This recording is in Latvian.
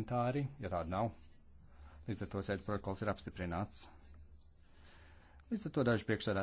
komentāri, ja tāda nav. Līdz ar to sēdes protokols ir apstiprināts. Līdz ar to daži priekšsēdā